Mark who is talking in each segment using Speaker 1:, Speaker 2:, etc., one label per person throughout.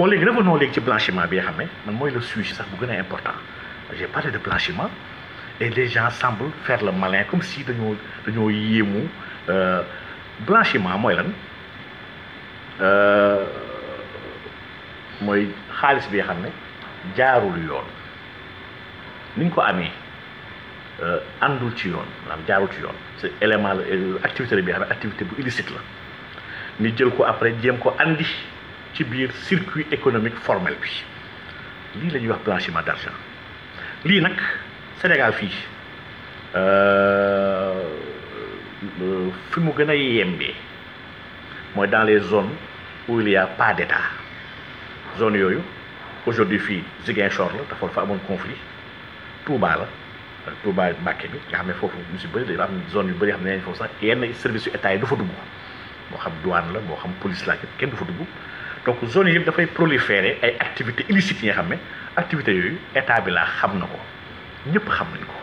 Speaker 1: bon léegi revenons léegi ci blanchiment bi nga xam ne man mooy le sujet sax bu gën a important j'ai parlé de blanchiment et les gens semblent faire le malin comme si dañoo dañoo yéemu blanchiment mooy lan euh, mooy xaalis bi xam ne jaarul yoon ni ñu ko amee euh, àndul ci yoon maanaam jaarul ci yoon c'est élément euh, activité la bi xam ne activité bu illicite la ñu jël ko après jéem ko indi ci biir circuit économique formel bi lii la ñuy wax blanchiment d'argent lii nag Sénégal fii euh, euh, fi mu gën a yembee mooy dans les zone où il y pas d'État zone yooyu aujourd'hui fii Ziguinchor la dafa fa amoon conflit Touba la Touba Mbàkke bi nga xam ne foofu ñu si bëri dafa am zone yu bëri xam ne foofu sax yenn service yu état yi du fa dugg moo xam douane la moo xam police la kenn du fa dugg donc zone yëpp dafay proliférer ay activités illicites yi xam ne activités yooyu état bi laa xam na ko ñëpp xam nañ ko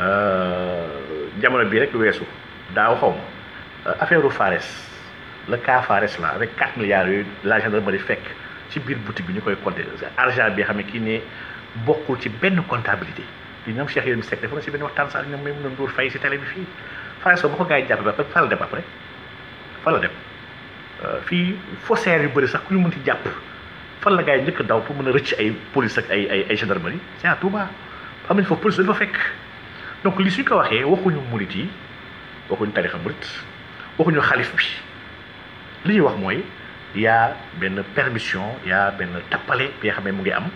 Speaker 1: euh, jamono bii rek weesu daaw xaw ma euh, affaire Fares le cas Fares la avec 4 milliards yooyu la gendarmerie fekk ci biir buti bi ñu koy compter argent bi nga xam ne kii ne bokkul ci benn comptabilité di ñoom Cheikh Yérim Seck dafa na si benn waxtaan sax ñoom même na Ndour Faye si télé bi fii Fares ba ko gars yi jàpp ba la dem après fa la Euh, fii faussaires yu bëri sax ku ñu mën ci jàpp fan la gars yi njëkk daw pour mën a rëcc ay police ak ay ay ay gendarmerie c'est à Touba am nañ fa police dañ fa fekk donc li suñ ko waxee waxuñu murit yi waxuñu tarixa murit waxuñu xalif bi li ñuy wax mooy yaa benn permission yaa benn tappale bi nga xam ne mu ngi am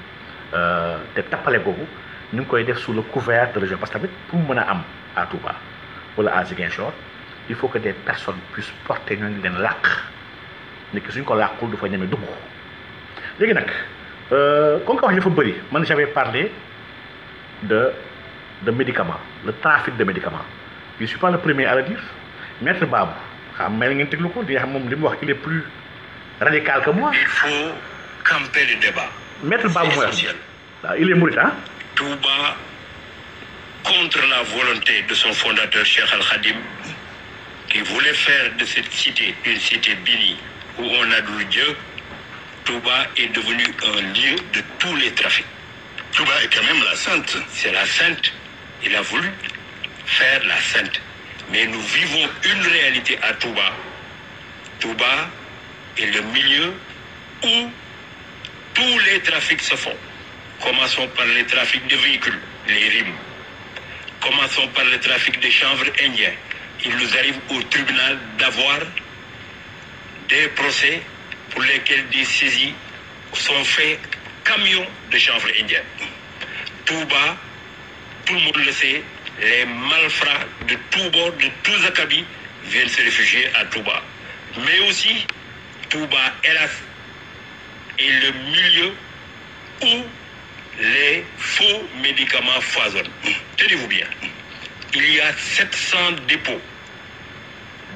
Speaker 1: euh, te tappale boobu ñu ngi koy def sous le couvert de région parce que tamit pour mu mën a am à Touba wala à Ziguinchor il faut que des personnes puissent porter ñooñu leen làq nit ki suñ ko làqul du fa ñeme dugg léegi nag euh, comme que wax dafa bëri man j'avais parlé de de médicaments le trafic de médicaments je suis pas le premier à le dire maître Babou xam mel ngeen teglu ko di xam moom li mu wax il est plus radical que moi. il
Speaker 2: faut camper le débat. maître Babou où on adoue Dieu, Touba est devenu un lieu de tous les trafics. Touba est quand même la sainte. C'est la sainte. Il a voulu faire la sainte. Mais nous vivons une réalité à Touba. Touba est le milieu où tous les trafics se font. Commençons par les trafics de véhicules, les rimes. Commençons par le trafic de chanvre indien. Il nous arrive au tribunal d'avoir des procès pour lesquels des saisies sont faits camions de chanvre indien. Tout bas, tout le monde le sait, les malfrats de tous bords, de tous acabits viennent se réfugier à Touba. Mais aussi, Touba, hélas, est le milieu où les faux médicaments foisonnent. Tenez-vous bien, il y a dépôts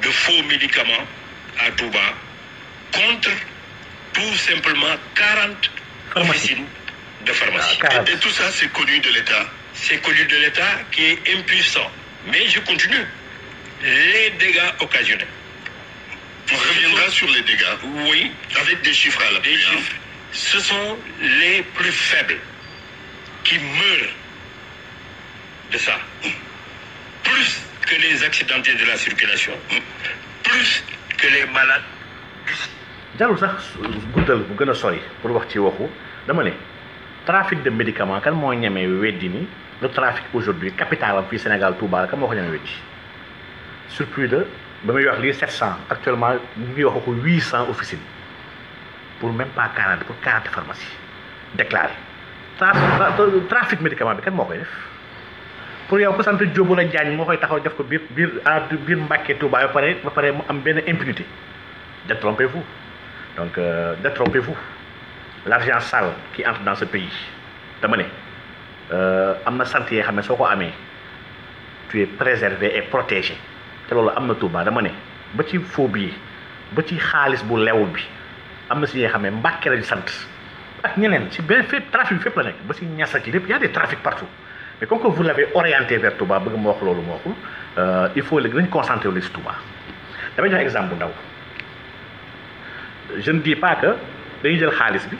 Speaker 2: de faux médicaments à Touba contre tout simplement quarante officines de pharmacie. Ah, et, et, tout ça, c'est connu de l'État. C'est connu de l'État qui est impuissant. Mais je continue. Les dégâts occasionnés. On reviendra sur les dégâts. Oui. Avec des chiffres à la Des chiffres. Ce sont les plus faibles qui meurent de ça. Plus que les accidentés de la circulation. que
Speaker 1: sax guddal bu gën a sori pour wax ci waxu dama ne trafic de médicament kan moo ñemee weddi ni le trafic aujourd'hui capital am fii Sénégal Touba kan moo ko ñemee weddi sur plus de ba muy wax lii 700 actuellement ñu ngi wax ko 800 officines pour même pas 40 pour 40 pharmacies déclarées trafic médicament bi kan moo koy def. pour yow ko sant Diop la jaañ moo koy taxaw def ko biir biir à biir Mbàkke Touba ba pare ba pare mu am benn impunité détrompez foofu donc euh, détrompez-vous l'argent sale qui entre dans ce pays dama ne euh, am na sant yoo xam ne soo ko amee tu es préservé et protégé te loolu am na Touba dama ne ba ci faux billet ba ci xaalis bu lew bi am na si yoo xam ne Mbàkke lañu sant ak ñeneen si benn fépp trafic bi fépp la nekk ba si ñas ak lépp y a des partout mais comme que vous l'avez orienté vers Touba bëgg mu wax loolu mu euh, waxul il faut léegi nañu concentré wu si Touba damay joxe exemple bu ndaw je ne dis pas que jël xaalis bi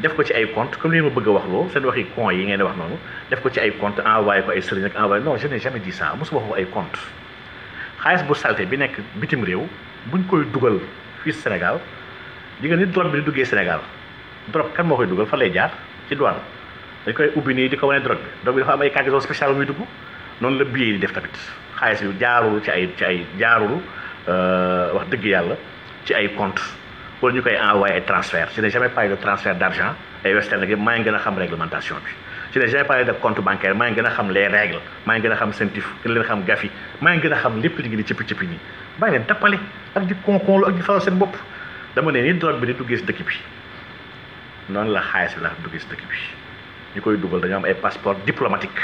Speaker 1: def ko ci ay compte comme li ma bëgg a wax loo seen waxi con yi ngeen di wax noonu def ko ci ay compte envoyé ko ay sëriñ ak envoyé non je n'ai jamais dit ça mosuma ko ay compte xaalis bu salte bi nekk bitim réew buñ koy dugal fii Sénégal li nga ni drogue bi di duggee Sénégal drogue kan moo dugal fa lay jaar ci douane. dañ koy ubbi nii di ko wane drogue bi drogue bi dafa am ay cargaison spéciale bu muy dugg noonu la billet yi def tamit xaalis bi jaarul ci ay ci ay jaarul euh, wax dëgg yàlla ci ay compte wala ñu koy envoyé ay transfert je n'ai jamais parlé de transfert d' argent ay western nag maa ngi gën a xam réglementation bi je n'ai jamais parlé de compte bancaire maa ngi gën a xam les maa ngi gën a xam sentif gën leen xam gafi maa ngi gën a xam lépp li ngi di cëppi cëppi nii bàyyi leen tappale ak di konkonlu ak di faral seen bopp dama ne ni drogue bi di duggee si dëkk bi noonu la xaalis bi la duggee bi ñu koy dugal dañoo am ay passeport diplomatique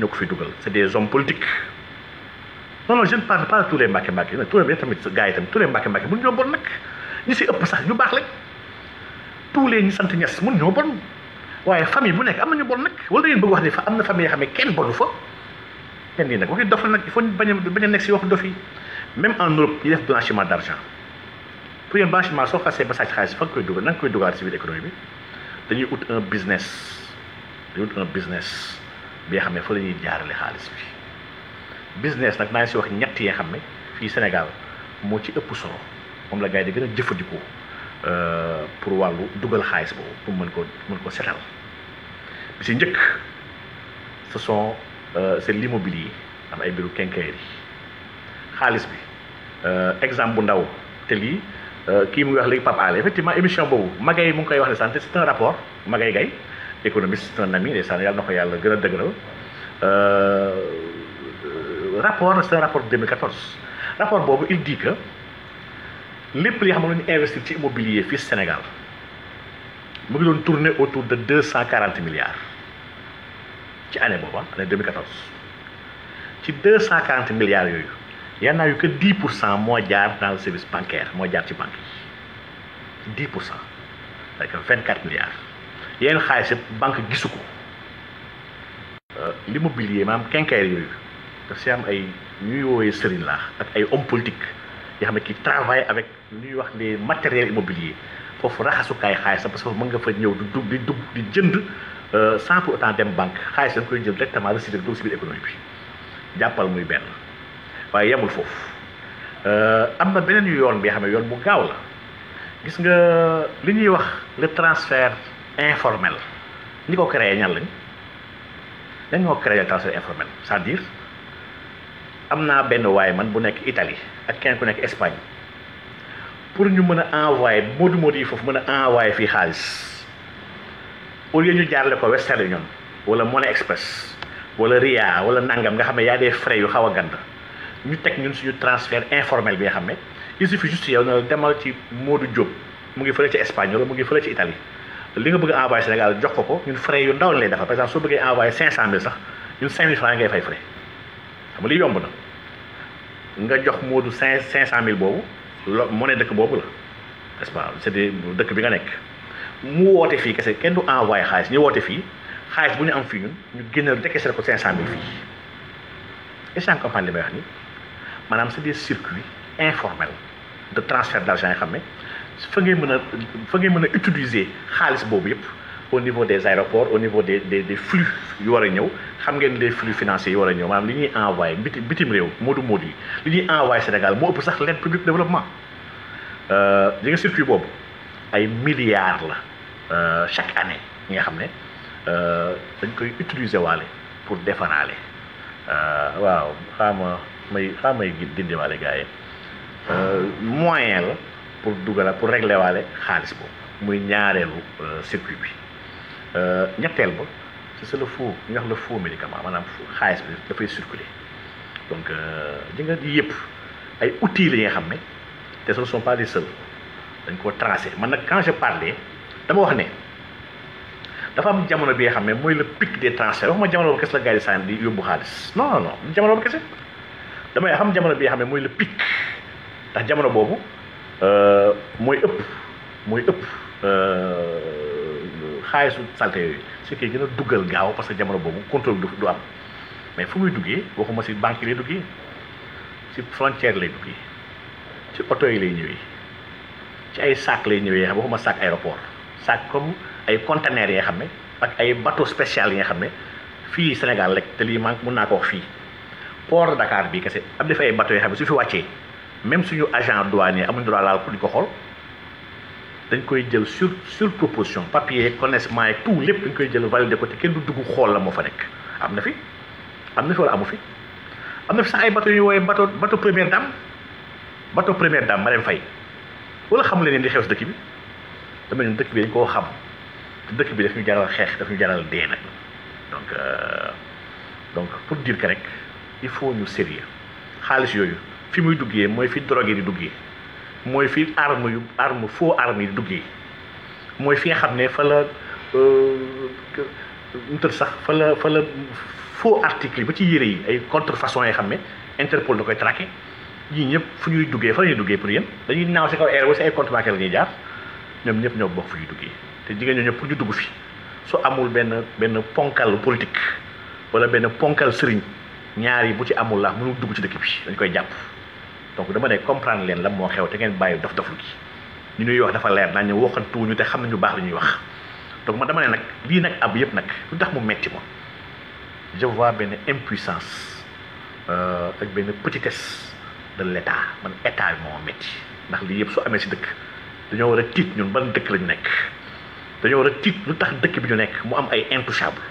Speaker 1: ñoo ko fi dugal c' est des hommes politiques non non je ne parle pas de tous les Mbàkke Mbàkke tamit gars yi tamit tous les Mbàkke Mbàkke mun ñoo bon nag ñi si ëpp sax ñu baax lañ tous les ñi sant ñes mun ñoo bon waaye famille bu nekk am na ñu bon nag wala da bëgg wax ne fa am na famille yoo xam ne kenn bonu fa kenn nii nag waxi dof la nag il faut bañ a nekk si wax dof yi même en Europe ñu def blanchiment d' argent pour yéen blanchiment soo xasee koy dugal na nga koy dugal si biir économie bi di wut na business bi nga xam ne fa la jaarale xaalis bi business nag naa si wax ñett yi nga xam ne fii Sénégal moo ci ëpp solo moom la gars di gën a jëfandikoo euh, pour wàllu dugal xaalis boobu pour mën ko mën ko setal si njëkk ce sont euh, c'est l'immobilier am ay mbiru quincaillerie xaalis bi euh, exemple bu ndaw te lii kii mu wax léegi Pape Alé effectivement émission boobu Magaye mu ngi koy wax ne santé c'est un rapport Magaye Gaye économiste un ami ndeysaan yàlla na ko yàlla gën a dëgëral euh, euh, rapport c'est un rapport de 2014 rapport boobu il lépp li xam ne ñu investir ci immobilier fii Sénégal mu ngi doon tourner autour de 240 milliards ci année boobu ah, année 2014 ci 240 milliards yooyu yaa naa yu que 10 pour cent moo jaar dans le service bancaire moo jaar ci banque yi 10 pour cent c'est-à-dire que milliards. yenn xaalis yëpp banque gisu ko euh, l'immobilier maanaam kenkaayal yooyu daf si am ay ñuy woowee sëriñ laax ak ay homme politique yoo xam ne qui travaille avec ñuy wax les matériels immobiliers foofu raxasukaay xaalis parce que foofu mën nga fa ñëw du dugg di dugg di jënd euh, sans pour autant dem banque xaalis dañ koy jël directement recyclé dugg si biir économie bi jàppal muy benn waaye yemul foofu euh, am na beneen yoon bi xam ne yoon bu gaaw la gis nga li ñuy wax le transfert informel ni ko créé ñan lañ dañ ko créé transfert informel cest à am naa benn waaye man bu nekk Italie ak kenn ku nekk Espagne pour ñu mën a envoyé moodu moodu yi foofu mën a envoyé fii xaalis au lieu ñu jaarle ko Western Union wala Money Express wala Ria wala nangam nga xam ne yaa des frais yu xaw a gànd ñu teg ñun suñu transfert informel bi nga xam ne il suffit juste yow na demal ci Modou Diop mu ngi fële ci Espagne wala mu ngi fële ci Italie li nga bëgg envoyé Sénégal jox ko ko ñun frais yu ndaw lay defal par exemple soo bëggee envoyé 500000 sax ñun 5000 francs ngay fay frais xam li yomb na nga jox Modou 5 mille boobu lo mu ne dëkk boobu la n'est-ce pas c'est dëkk bi nga nekk mu woote fii kese kenn du envoyé xaalis ñu woote fii xaalis bu ñu am fii ñun ñu génne décaissé ko 500000 fii est-ce que comprendre li may wax ni maanaam c'est des circuits informels de transfert d'argent yi xam ne. fa ngay mën a fa ngay mën a utiliser xaalis boobu yëpp au niveau des aéroports au niveau des des des flux yu war a ñëw xam ngeen les flux financiers yu war a ñëw maanaam li ñuy envoyé biti bitim réew moodu moodu yi li ñuy envoyé Sénégal moo ëpp sax l'aide publique développement li euh, nga circuit boobu ay milliards la euh, chaque année yi nga xam ne euh, dañ koy utiliser waale pour defaraale waaw xaama may xaamay dindiwaale gars yi moyen la pour dugalaat pour régler waale xaalis boobu muy ñaareelu euh, circuit bi euh, ñetteel ba c'est le faux ñu wax le faux médicament maanaam xaalis bi dafay circuler donc euh, di nga yëpp ay outils la nga xam ne te ce ne sont dañ koo tracé man nag quand je parlais dama wax ne dafa am jamono bi nga xam ne mooy le pic des transferts waxuma jamono bu kese la gars yi saan di yóbbu xaalis non non non jamono xam jamono bi nga xam ne mooy le pic ndax jamono boobu. Euh, mooy ëpp mooy ëpp euh, xaalisu salte yooyu ce qui gën a duggal gaaw parce que jamono boobu contrôle du du am mais fu muy duggee waxuma si banque yi lay duggee si frontière lay duggee ci oto yi lay ñëwee ci ay sac lay ñëwee xam ma sac aéroport sac comme ay conteneurs yi xam ne ak ay bateau spécial yi nga xam ne fii Sénégal rek te lii man mun naa ko wax fii port Dakar bi kese am def ay bateau yoo xam ne su fi wàccee même suñu agent douanier amuñu droit laal ko di ko xool dañ koy jël sur sur proposition papier connaissement yeeg tout lépp dañ koy jël validé ko te kenn du dugg xool la moo fa nekk am na fi am na fi wala amu fi am na fi sax ay bateau yu wooyee bateau bateau première dame bateau première dame Marème Faye wala xamu leen di xew si dëkk bi dama ñun dëkk bi dañ koo xam te dëkk bi daf ñu jaral xeex daf ñu jaral dee nag donc euh, donc pour dire que rek il faut ñu sérieux xaalis yooyu fi muy duggee mooy fi drogue di duggee mooy fi arme yu arme faux arme yi di duggee mooy fi nga xam ne fa la euh, ntal sax fa la fa la faux article ba ci yére yi ay contrefaçon yoo xam ne Interpol da koy traqué yii ñëpp fu ñuy duggee fa la ñuy duggee pour yéen dañuy naaw si kaw air ba si ay contrebanque la ñuy jaar ñoom ñëpp ñoo bokk fu ñuy duggee te jigéen ñoo ñëpp pour ñu dugg fi su amul benn benn ponkal politique wala benn ponkal sëriñ ñaar yi bu ci amul la mënul dugg ci dëkk dañ koy jàpp donc dama ne comprendre leen la moo xew te ngeen bàyyi dof doflu gi ñu ñuy wax dafa leer naa ñu waxantuuñu te xam nañu baax lu ñuy wax donc ma dama ne nag lii nag ab yëpp nag lu tax mu metti ma je vois benn impuissance euh, ak benn petitesse de l' man état bi moo metti ndax lii yëpp soo amee si dëkk dañoo war a tiit ñun ban dëkk lañu nekk dañoo war a tiit lu tax dëkk bi ñu nekk mu am ay intouchable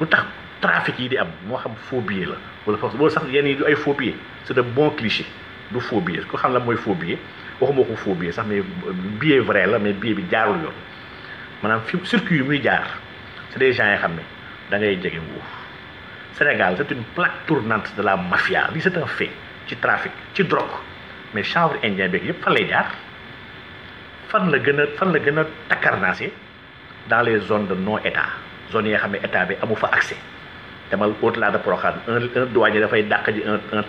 Speaker 1: lu tax trafic yi di am moo xam faux la wala wala sax yenn yi ay faux billet c' est de bon du faux billet ko xam la mooy faux billet waxuma ko faux billet sax mais billet vrai la mais billet bi jaarul yoon maanaam fi circuit yu muy jaar c'est des gens yoo xam ne da ngay jege nguur Sénégal c'est une plaque tournante de la mafia lii c'est un fait ci trafic ci drogue mais chanvre indien beeg yëpp fan lay jaar fan la gën a fan la gën a takkarnaase dans les zones de non état zone yi xam ne état bi amu fa accès demal au-delà de Proxal un un douanier dafay dàq ji un un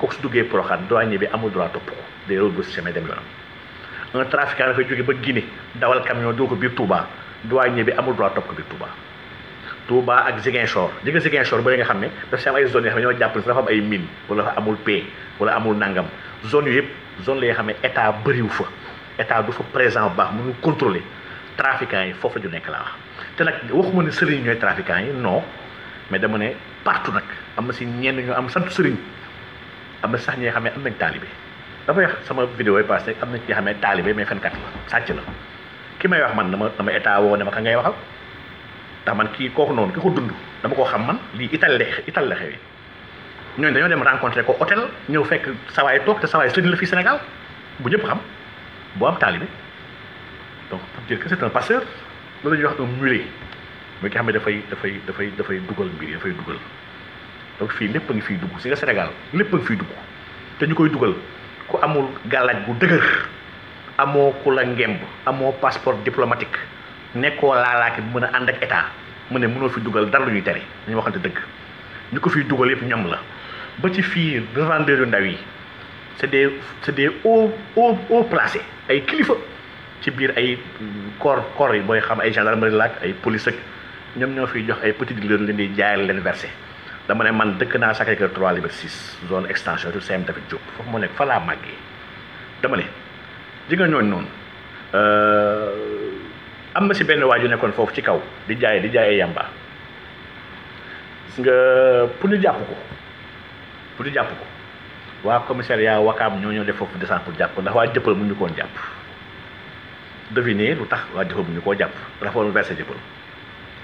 Speaker 1: kooku su duggee Porokhane douanier bi amul droit topp ko day rebrousse chemin dem yoonam un trafiquant dafay jóge ba Guinée dawal camion dugg ko biir Touba douanier bi amul droit topp ko biir Touba. Touba ak Ziguinchor jigéen Ziguinchor ba nga xam ne daf si am ay zones yoo xam ne ñoo jàpp ne dafa am ay mine wala amul paix wala amul nangam zone yu yëpp zone la yoo xam ne état bëriwu fa état du fa présent bu baax mënu contrôler trafiquants yi foofu la nekk laa wax te nag waxuma ne sëriñ ñooy trafiquants yi non mais dama ne partout nag am na si ñenn ñoo am sant sëriñ. xam na sax ñi nga ne am nañ taalibe damay sama vidéo yi passé am na ci nga xam ne taalibe mais fenkat la sàcc la ki may wax man dama dama état woo ne ma ka ngay waxal ndax man kii kooku noonu ki ko dund dama ko xam man lii ital la ital la xewee ñooñu dañoo dem rencontré ko hôtel ñëw fekk sawaay toog te sawaay sëñ la fii Sénégal bu ñëpp xam boo am taalibe donc pour dire que c'est un passeur loolu la ñuy wax un mu mooy ki xam ne dafay dafay dafay dafay dugal mbir dafay dugal donc fii lépp a ngi fiy dugg si nga Sénégal lépp a ngi fiy dugg te ñu koy dugal ku amul gàllaaj bu dëgër amoo ku la ngemb amoo passeport diplomatique nekkoo laalaake bi mën a ànd ak état mu ne mënoo fi dugal dara lu ñuy tere dañu waxante dëgg ñu ko fiy dugal yëpp ñoom la ba ci fii revendeur yu ndaw yi c'est des c'est des hauts hauts hauts placés ay kilifa ci biir ay corps koor yi booy xam ay gendarmerie laak ay police ak ñoom ñoo fiy jox ay petit dealers leen di jaayal leen versé dama ne man dëkk naa Sacré-Cœur 3 Liberté 6 zone extension rue CM David Diop foofu moo nekk fa laa màggee dama ne ji ñooñ noonu euh, am na si benn waaju nekkoon foofu ci kaw di jaay di jaay yamba gis nga pour ñu jàpp ko pour ñu jàpp ko waa commissariat wakaam ñoo ñoo def foofu descente pour jàpp ndax waa jëppal mu ñu koon jàpp devinez lu tax waa jëppal mu ñu koo jàpp dafa waroon versé jëppal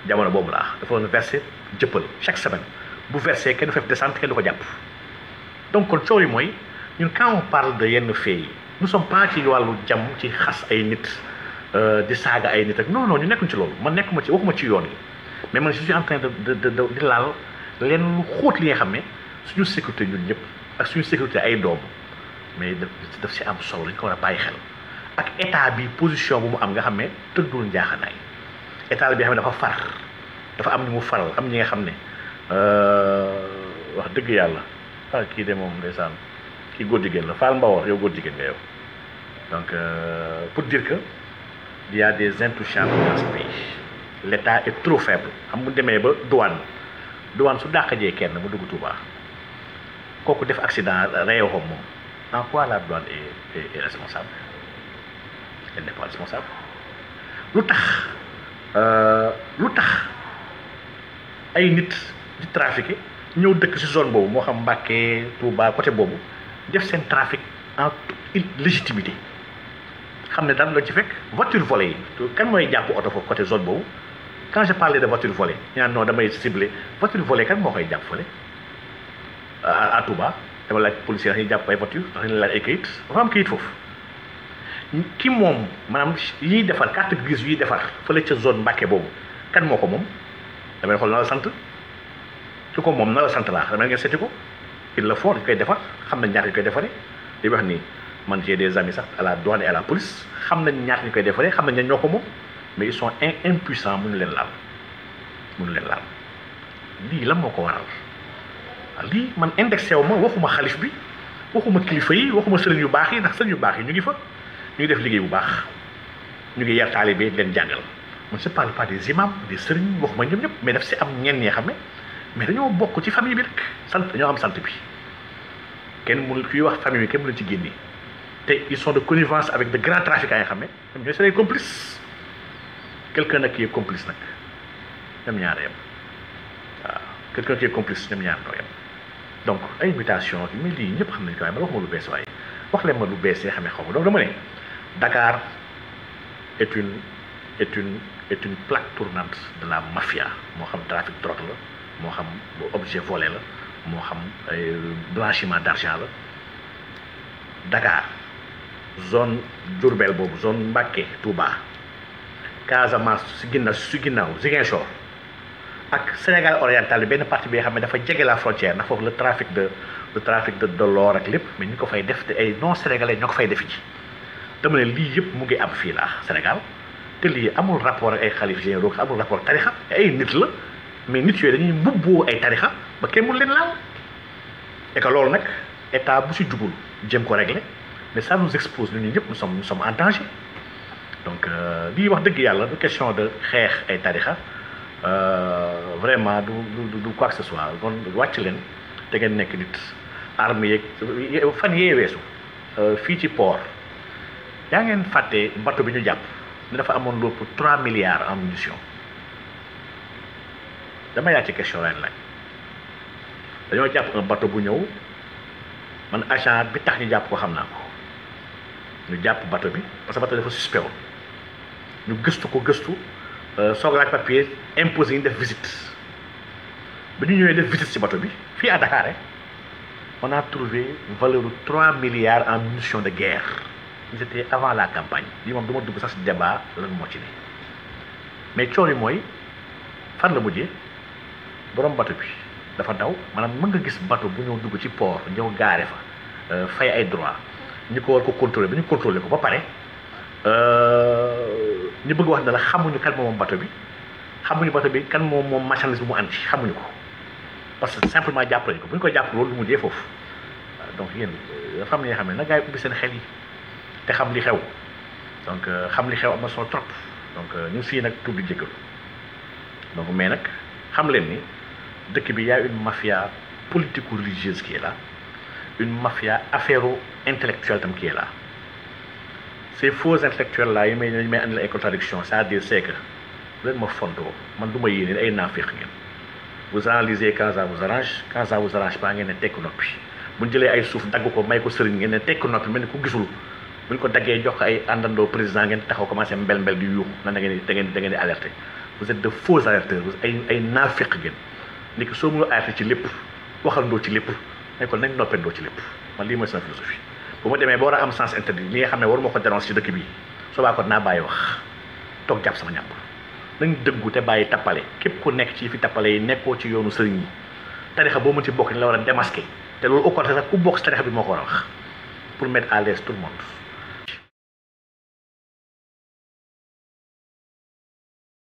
Speaker 1: jamono boobu laa dafa waroon versé jëppal chaque semaine bu versé kenn du fa def kenn du ko jàpp donc kon coow yi mooy ñun quand on parle de yenn fee yi nous sommes pas ci wàllu jàmm ci xas ay nit euh, di saaga ay nit ak non non ñu nekkuñ ci loolu man nekkuma ci waxuma ci yoon yi mais man je suis en de de laal leen lu xóot nga xam ne suñu sécurité ñun ñëpp ak suñu sécurité ay doom mais daf si am solo dañ ko war a bàyyi xel ak état bi position bu mu am nga xam ne tëddul njaaxanaay état bi nga xam ne dafa far dafa am ñu mu faral am ñi nga xam ne. Euh, wax dëgg yàlla ah, kii de moom ndeysaan kii góor jigéen la Fall Mbawor yow góor jigéen nga yow donc euh, pour dire que il des intouchables dans ce pays l' état est faible xam mu demee ba douane douane su dàqajee kenn mu dugg Touba kooku def accident réew xam moom en quoi la douane est responsable lu tax euh, lu tax ay nit. di trafiquer ñëw dëkk ci zone boobu moo xam Mbacké Touba côté boobu def seen trafic en toute légitimité xam ne daan la ci fekk voiture volée yi kan mooy jàpp oto foofu côté zone boobu quand je parlais de voiture volée ñaan non damay ciblé voiture volée kan moo koy jàpp fële à Touba dama laaj policier dañuy jàpp ay voiture ndax dañuy ay kayit dafa am kayit foofu ki moom maanaam yiy defar carte grise yuy defar fële ca zone Mbacké boobu kan moo ko moom damay xool na la sant su ko moom na la sant laa xam ngeen seeti ko il le faut dañ koy defar xam na ñaata ñu koy defaree li wax ni man j'ai des amis sax à la douane et police xam na ñaata ñu koy defaree xam nañ ñan ñoo ko moom mais ils sont impuissants mënu leen laal mënu leen laal lii lan moo ko waral lii man indexé wu ma waxuma xalif bi waxuma kilifa yi waxuma sëriñ yu baax yi ndax sëriñ yu baax yi ñu ngi fa ñu ngi def liggéey bu baax ñu ngi yar taalibe leen jàngal man je parle pas des imams des sëriñ waxuma ñoom ñëpp mais daf si am ñenn ñi xam ne mais dañoo bokk ci famille bi rek sant dañoo am sant bi kenn mënul kuy wax famille bi kenn mënul ci génne te ils sont de connivence avec de grands trafiquants yi xam ne ñoom ñooy seen complice quelqu'un nag qui est complice nag ñoom ñaar yem waaw quelqu'un qui est complice ñoom ñaar doo yem donc ay mutation yi mais lii ñëpp xam nañ ko waaye man wax ma lu bees waaye wax leen ma lu bees yi xam ne xaw ma donc dama ne Dakar est une est une plaque tournante de la mafia moo xam la moo xam objet volé la moo xam blanchiment d'argent la Dakar zone Diourbel boobu zone Mbacké Touba Casamance si ginnaaw si ginnaaw Ziguinchor ak Sénégal oriental benn partie bi nga xam ne dafa jege la frontière ndax foofu le trafic de le trafic de de l'or ak lépp mais ñu ko fay def te ay non sénégalais ñoo ko fay def ci dama ne lii yëpp mu ngi am fii la Sénégal te lii amul rapport ak ay xalif généraux amul rapport tarixa ay nit la mais nit yooyu dañuy mbubboo ay tarixa ba kenn mënu leen laal et loolu nag état bu si jubul jëm ko régler mais ça nous expose ñun ñëpp nous sommes nous sommes en danger donc euh, lii wax dëgg yàlla du question de xeex ay tarixa euh, vraiment du du quoi que ce soit kon wàcc leen te ngeen nekk nit armes yeeg fan yee weesu euh, fii ci port yaa ngeen fàtte bateau bi ñu jàpp ne dafa amoon lépp 3 milliards en munitions. dama yaa ci question leen laaj dañoo jàpp un bateau bu ñëw man agent bi tax ñu jàpp ko xam naa ko ñu jàpp bateau bi parce que bateau dafa suspect ñu gëstu ko gëstu euh, soog laaj papier imposé ñu def visite bi ñu ñëwee def visite ci bateau bi fii à Dakar naa a trouvé valeur bu 3 milliards en munitions de guerre c'était avant la campagne lii moom du ma dugg sax ci débat lan moo ci ne mais coono mooy fan la mujjee. borom bato bi dafa daw maanaam mën nga gis bato bu ñëw dugg ci port ñëw gaare fa euh, fay ay droit ñu ko war ko contrôler bi ñu contrôler ko ba pare euh, ñu bëgg wax ne la xamuñu kan moom bato bi xamuñu bato bi kan moom moom marchandise bi mu andi xamuñu ko parce que simplement jàpp nañu ko bu ñu ko jàpp loolu lu mu jee foofu euh, donc yéen dafa am li nga xam ne na gaay yi ubbi seen xel yi te xam li xew donc xam li xew am na solo trop donc ñu fii nag tuub di jéggalu donc mais nag xam leen ni dëkk bi y a une mafia politico-religieuse qui est là une mafia affairo-intellectuelle tam qui est là ces faux intellectuels là yi may ñu may andil ay contradiction c'est-à-dire c'est que leen ma fontoo man du ma yéene ay naafiq ngeen vous analysez quand ça vous arrange quand ça vous arrange pas ngeen ne tekk noppi bu ñu jëlee ay suuf dagg ko may ko sëriñ ngeen ne tekk noppi mel ni ku gisul bu ñu ko daggee jox ay àndandoo président ngeen taxaw commencé mbel mbel di yuuxu ngeen di da ngeen di alerter vous êtes de faux alerteurs ay ay naafiq ni soo soo mënul arrêté ci lépp waxandoo ci lépp mais kon nañ noppandoo ci lépp man lii mooy sama philosophie bu ma demee ba war a am sens interdit li nga xam ne waruma ko dénoncer ci dëkk bi soo baa ko naa bàyyi wax toog jàpp sama ñàpp nañ dëggu te bàyyi tappale képp ku nekk ci fi tappale yi nekkoo ci yoonu sëriñ yi tarixa boo mën ci bokk ni la war a démasquer
Speaker 2: te loolu au contraire sax ku bokk si tarixa bi moo ko war a wax pour mettre à l'aise tout